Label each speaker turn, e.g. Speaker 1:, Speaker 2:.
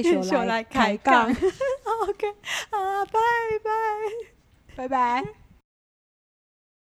Speaker 1: 繼續來抬槓，來開槓 ，OK，好啦，拜拜，拜拜。